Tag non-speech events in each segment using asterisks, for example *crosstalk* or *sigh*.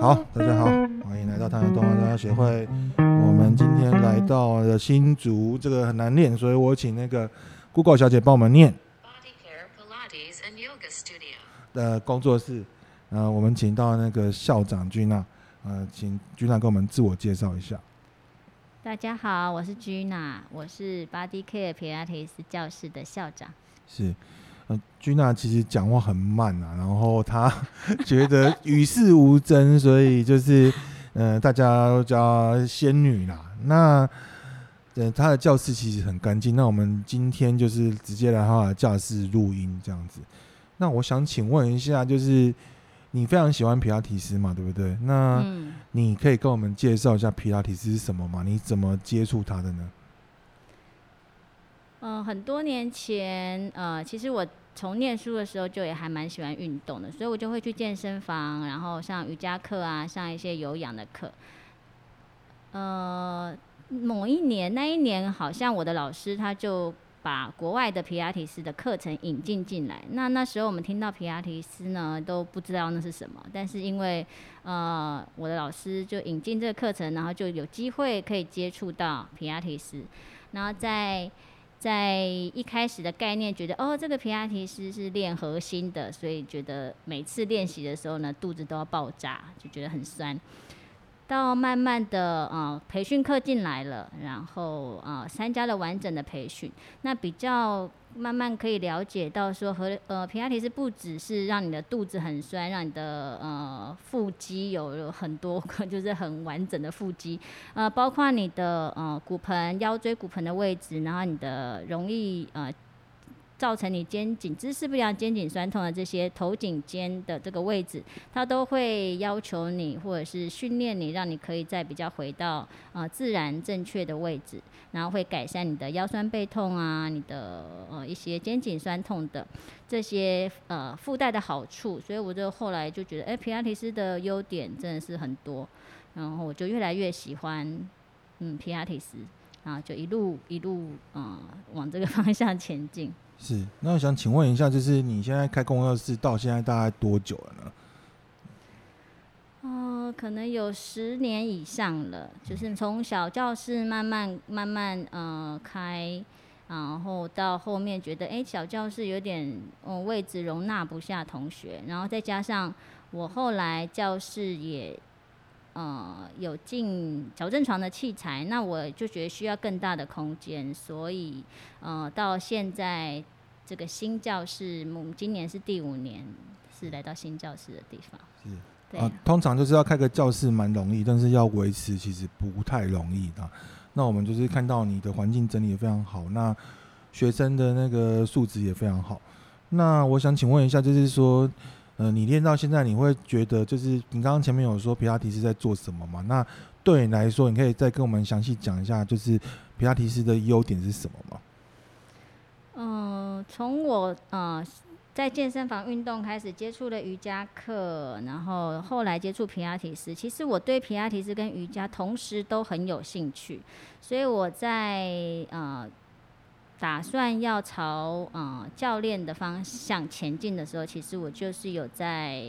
好，大家好，歡迎來到台灣動畫家協會。我們今天來到了新竹，這個很難念，所以我請那個 Google 小姐幫我們念。Body Care Pilates and Yoga Studio 的工作室，呃，我們請到那個校長 Gina，呃，請 Gina 給我們自我介紹一下。大家好，我是 Gina，我是 Body Care Pilates 教室的校長。是。呃、Gina 其實講話很慢啊，然後她覺得與世無爭， *laughs* 所以就是，呃，大家都叫仙女啦。那，呃，她的教室其實很乾淨。那我們今天就是直接來她的教室錄音這樣子。那我想請問一下，就是你非常喜歡皮拉提斯嘛，對不對？那你可以跟我們介紹一下皮拉提斯是什麼嗎？你怎麼接觸他的呢？嗯、呃，很多年前，呃，其實我。從念書的時候就也還蠻喜歡運動的，所以我就會去健身房，然後上瑜伽課啊，上一些有氧的課。呃，某一年那一年好像我的老師他就把國外的皮亞提斯的課程引進進來。那那時候我們聽到皮亞提斯呢都不知道那是什麼，但是因為呃我的老師就引進這個課程，然後就有機會可以接觸到皮亞提斯，然後在。在一開始的概念，覺得哦，這個皮拉提斯是練核心的，所以覺得每次練習的時候呢，肚子都要爆炸，就覺得很酸。到慢慢的，呃，培訓課進來了，然後啊，呃，參加了完整的培訓，那比較慢慢可以了解到說和呃，皮拉提斯不只是讓你的肚子很酸，讓你的呃腹肌有很多，就是很完整的腹肌，呃，包括你的呃骨盆、腰椎、骨盆的位置，然後你的容易呃。造成你肩頸姿勢不良、肩頸酸痛的這些頭頸肩的這個位置，它都會要求你或者是訓練你，讓你可以再比較回到啊、呃、自然正確的位置，然後會改善你的腰酸背痛啊、你的呃一些肩頸酸痛的這些呃附帶的好處。所以我就後來就覺得，哎、欸，皮拉提斯的優點真的是很多，然後我就越來越喜歡嗯皮拉提斯，然後就一路一路啊、呃、往這個方向前進。是，那我想請問一下，就是你現在開工作室到現在大概多久了呢？呃，可能有十年以上了，就是從小教室慢慢慢慢呃開，然後到後面覺得哎、欸、小教室有點嗯、呃、位置容納不下同學，然後再加上我後來教室也。呃，有進矯正床的器材，那我就覺得需要更大的空間，所以呃，到現在這個新教室，我們今年是第五年是來到新教室的地方。是，對啊。啊，通常就是要開個教室蠻容易，但是要維持其實不太容易的。那我們就是看到你的環境整理也非常好，那學生的那個素質也非常好。那我想請問一下，就是說。呃，你練到現在，你會覺得就是你剛剛前面有說皮拉提斯在做什麼嘛？那對你來說，你可以再跟我們詳細講一下，就是皮拉提斯的優點是什麼嗎？嗯、呃，從我呃在健身房運動開始接觸了瑜伽課，然後後來接觸皮拉提斯，其實我對皮拉提斯跟瑜伽同時都很有興趣，所以我在呃。打算要朝呃教練的方向前進的時候，其實我就是有在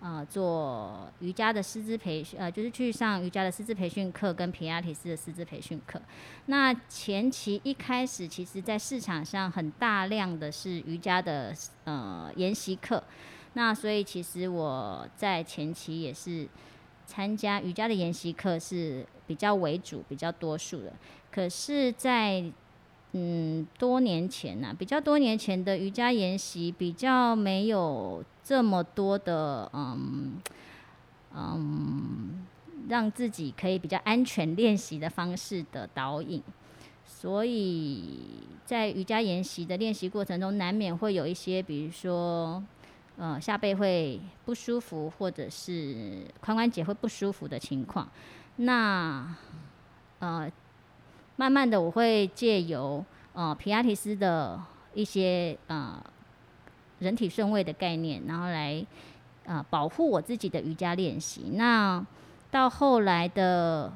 呃做瑜伽的師資培訓，呃就是去上瑜伽的師資培訓課跟皮拉提斯的師資培訓課。那前期一開始，其實在市場上很大量的是瑜伽的呃研習課，那所以其實我在前期也是參加瑜伽的研習課是比較為主，比較多數的。可是，在嗯，多年前呢、啊，比較多年前的瑜伽研習，比較沒有這麼多的嗯嗯，讓自己可以比較安全練習的方式的導引，所以在瑜伽研習的練習過程中，難免會有一些，比如說，呃，下背會不舒服，或者是髖關節會不舒服的情況，那呃。慢慢的，我會借由呃皮亞提斯的一些呃人體順位的概念，然後來啊、呃、保護我自己的瑜伽練習。那到後來的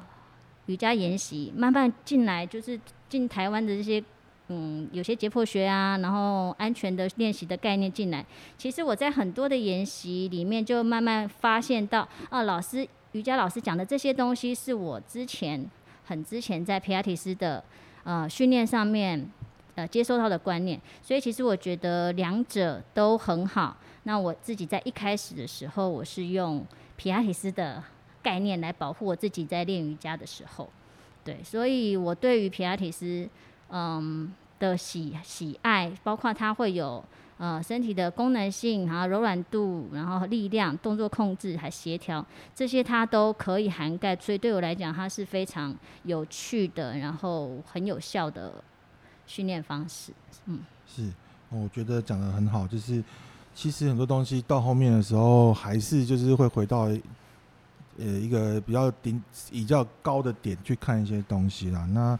瑜伽研習，慢慢進來就是進台灣的這些嗯有些解剖學啊，然後安全的練習的概念進來。其實我在很多的研習裡面，就慢慢發現到，哦、啊，老師瑜伽老師講的這些東西，是我之前。很之前在皮拉提斯的呃訓練上面，呃接收到的觀念，所以其實我覺得兩者都很好。那我自己在一開始的時候，我是用皮拉提斯的概念來保護我自己在練瑜伽的時候，對，所以我對於皮拉提斯嗯的喜喜愛，包括他會有。呃，身體的功能性然後柔軟度，然後力量、動作控制還協調，這些它都可以涵蓋。所以對我來講，它是非常有趣的，然後很有效的訓練方式。嗯，是，我覺得講得很好，就是其實很多東西到後面的時候，還是就是會回到呃一個比較頂、比較高的點去看一些東西啦。那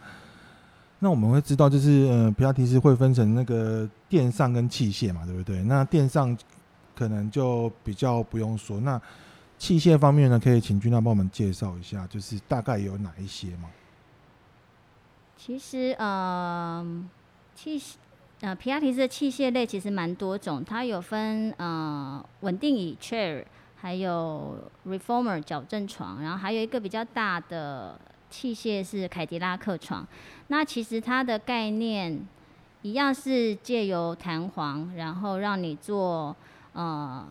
那我們會知道，就是呃，皮亞提斯會分成那個墊上跟器械嘛，對不對？那墊上可能就比較不用說。那器械方面呢，可以請 Gina 幫我們介紹一下，就是大概有哪一些嘛？其實呃，器呃，皮亞提斯的器械類其實蠻多種，它有分呃，穩定椅 （chair），還有 reformer 矯正床，然後還有一個比較大的。器械是凱迪拉克床，那其實它的概念一樣是借由彈簧，然後讓你做呃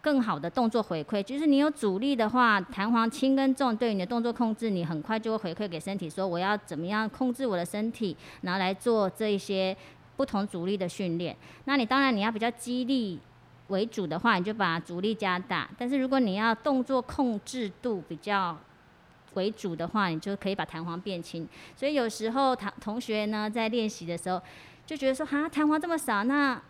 更好的動作回饋。就是你有阻力的話，彈簧輕跟重，對你的動作控制，你很快就會回饋給身體，說我要怎麼樣控制我的身體，拿來做這一些不同阻力的訓練。那你當然你要比較肌力為主的話，你就把阻力加大。但是如果你要動作控制度比較，為主的話，你就可以把彈簧變輕。所以有時候同同學呢在練習的時候，就覺得說，哈，彈簧這麼少，那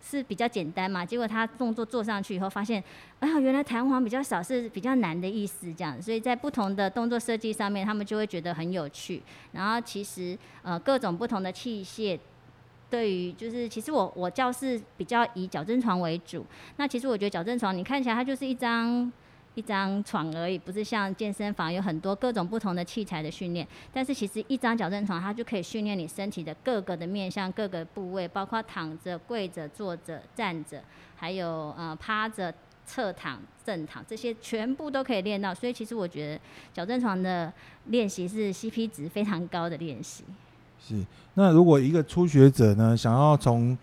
是比較簡單嘛？結果他動作做上去以後，發現，哎呀，原來彈簧比較少是比較難的意思，這樣。所以在不同的動作設計上面，他們就會覺得很有趣。然後其實呃各種不同的器械，對於就是其實我我教室比較以矯正床為主。那其實我覺得矯正床，你看起來它就是一張。一張床而已，不是像健身房有很多各種不同的器材的訓練。但是其實一張矯正床，它就可以訓練你身體的各個的面向、各個部位，包括躺着、跪着、坐着、站着，還有呃趴着、側躺、正躺，這些全部都可以練到。所以其實我覺得矯正床的練習是 CP 值非常高的練習。是，那如果一個初學者呢，想要從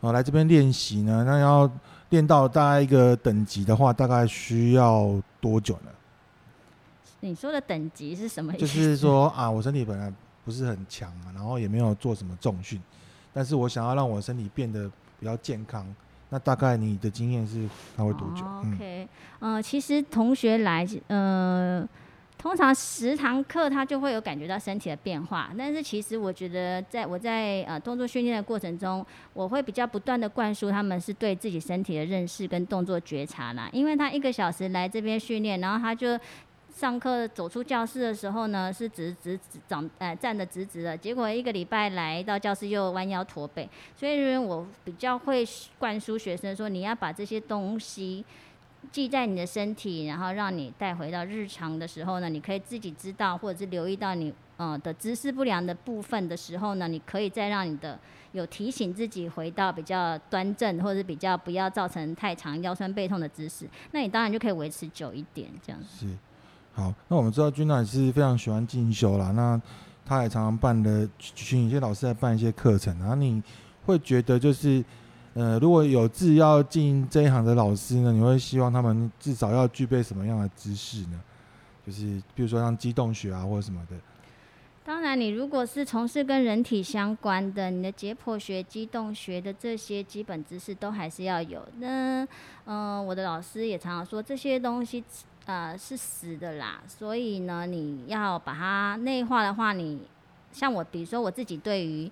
呃、哦、來這邊練習呢，那要。練到大概一個等級的話，大概需要多久呢？你說的等級是什麼意思？就是說啊，我身體本來不是很強嘛啊，然後也沒有做什麼重訓，但是我想要讓我身體變得比較健康，那大概你的經驗是會多多久、oh？OK，嗯呃，其實同學來，呃。通常十堂課，他就會有感覺到身體的變化。但是其實我覺得，在我在呃動作訓練的過程中，我會比較不斷的灌輸他們是對自己身體的認識跟動作覺察啦。因為他一個小時來這邊訓練，然後他就上課走出教室的時候呢，是直直直，長呃站得直直的，結果一個禮拜來到教室又彎腰駝背。所以，我比較會灌輸學生說，你要把這些東西。記在你的身體，然後讓你帶回到日常的時候呢，你可以自己知道，或者是留意到你的呃的姿勢不良的部分的時候呢，你可以再讓你的有提醒自己回到比較端正，或者是比較不要造成太長腰酸背痛的姿勢。那你當然就可以維持久一點這樣。是。好，那我們知道 Gina 也是非常喜歡進修啦，那他也常常辦的，請一些老師來辦一些課程，然後你會覺得就是。呃，如果有志要進這一行的老師呢，你會希望他們至少要具備什麼樣的知識呢？就是比如說像肌動學啊，或者什麼的。當然，你如果是從事跟人體相關的，你的解剖學、肌動學的這些基本知識都還是要有的。那，嗯，我的老師也常常說這些東西，啊，呃，是死的啦。所以呢，你要把它內化的話，你像我，比如說我自己對於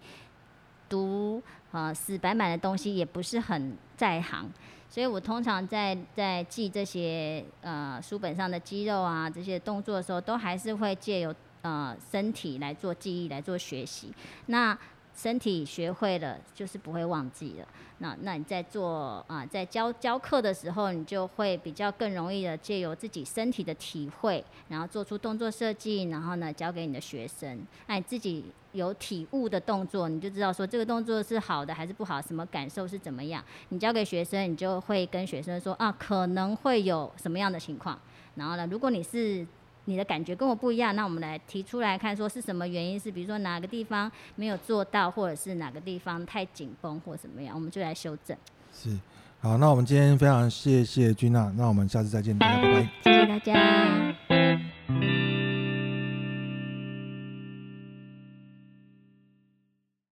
讀。呃，死板板的東西也不是很在行，所以我通常在在記這些呃，書本上的肌肉啊、這些動作的時候，都還是會借由呃，身體來做記憶、來做學習。那身體學會了，就是不會忘記了。那那你在做啊，在教教課的時候，你就會比較更容易的借由自己身體的體會，然後做出動作設計，然後呢，教給你的學生。那你自己有體悟的動作，你就知道說這個動作是好的還是不好，什麼感受是怎麼樣。你教給學生，你就會跟學生說啊，可能會有什麼樣的情況。然後呢，如果你是你的感覺跟我不一樣，那我們來提出來看，說是什麼原因？是比如說哪個地方沒有做到，或者是哪個地方太緊繃，或怎麼樣，我們就來修正。是，好，那我們今天非常謝謝 GINA，那我們下次再見，大家拜拜，謝謝大家。